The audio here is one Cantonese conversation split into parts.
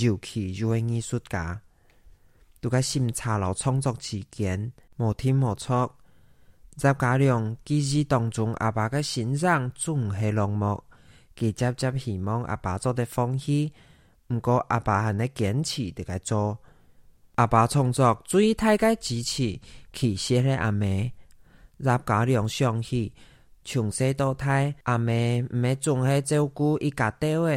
尤其作為藝術家，獨家審查樓創作期間，無天無錯。葉佳龍記憶當中阿爸嘅欣賞，總係冷漠，佢漸漸希望阿爸做啲放棄。唔過阿爸硬要堅持在個做。阿爸創作最大個支持，其實係阿妹。葉佳龍想起，從細到大阿妹，唔係總係照顧伊家底個。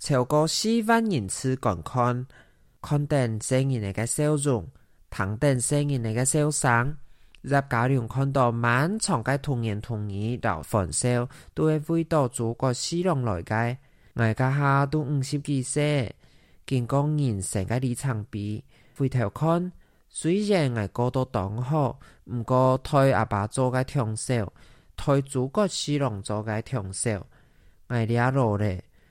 超過四萬人次觀看，看電生意人個笑容，看電生意人個笑聲，若家如看到滿場嘅童年童年流豐笑，都會回到諸葛四郎來嘅。外家下都五十幾歲，見過人生嘅里程碑。回頭看，雖然我過得當好，唔過替阿爸做嘅長少，替諸葛四郎做嘅長少，我了落咧。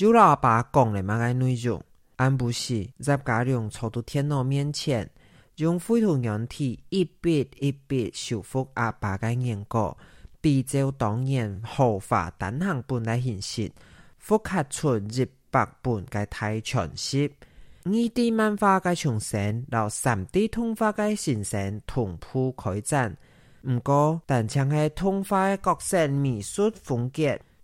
就老阿爸講的嘛個內容，俺不是在家中坐到電腦面前，用繪圖軟體一筆一筆修復阿爸嘅眼角，比照當年豪華單行本來形式，復刻出日版本嘅太全篇，二 D 漫畫嘅重生，到三 D 動畫嘅形式同步開展。唔過，但係呈現動畫嘅角色美術風格。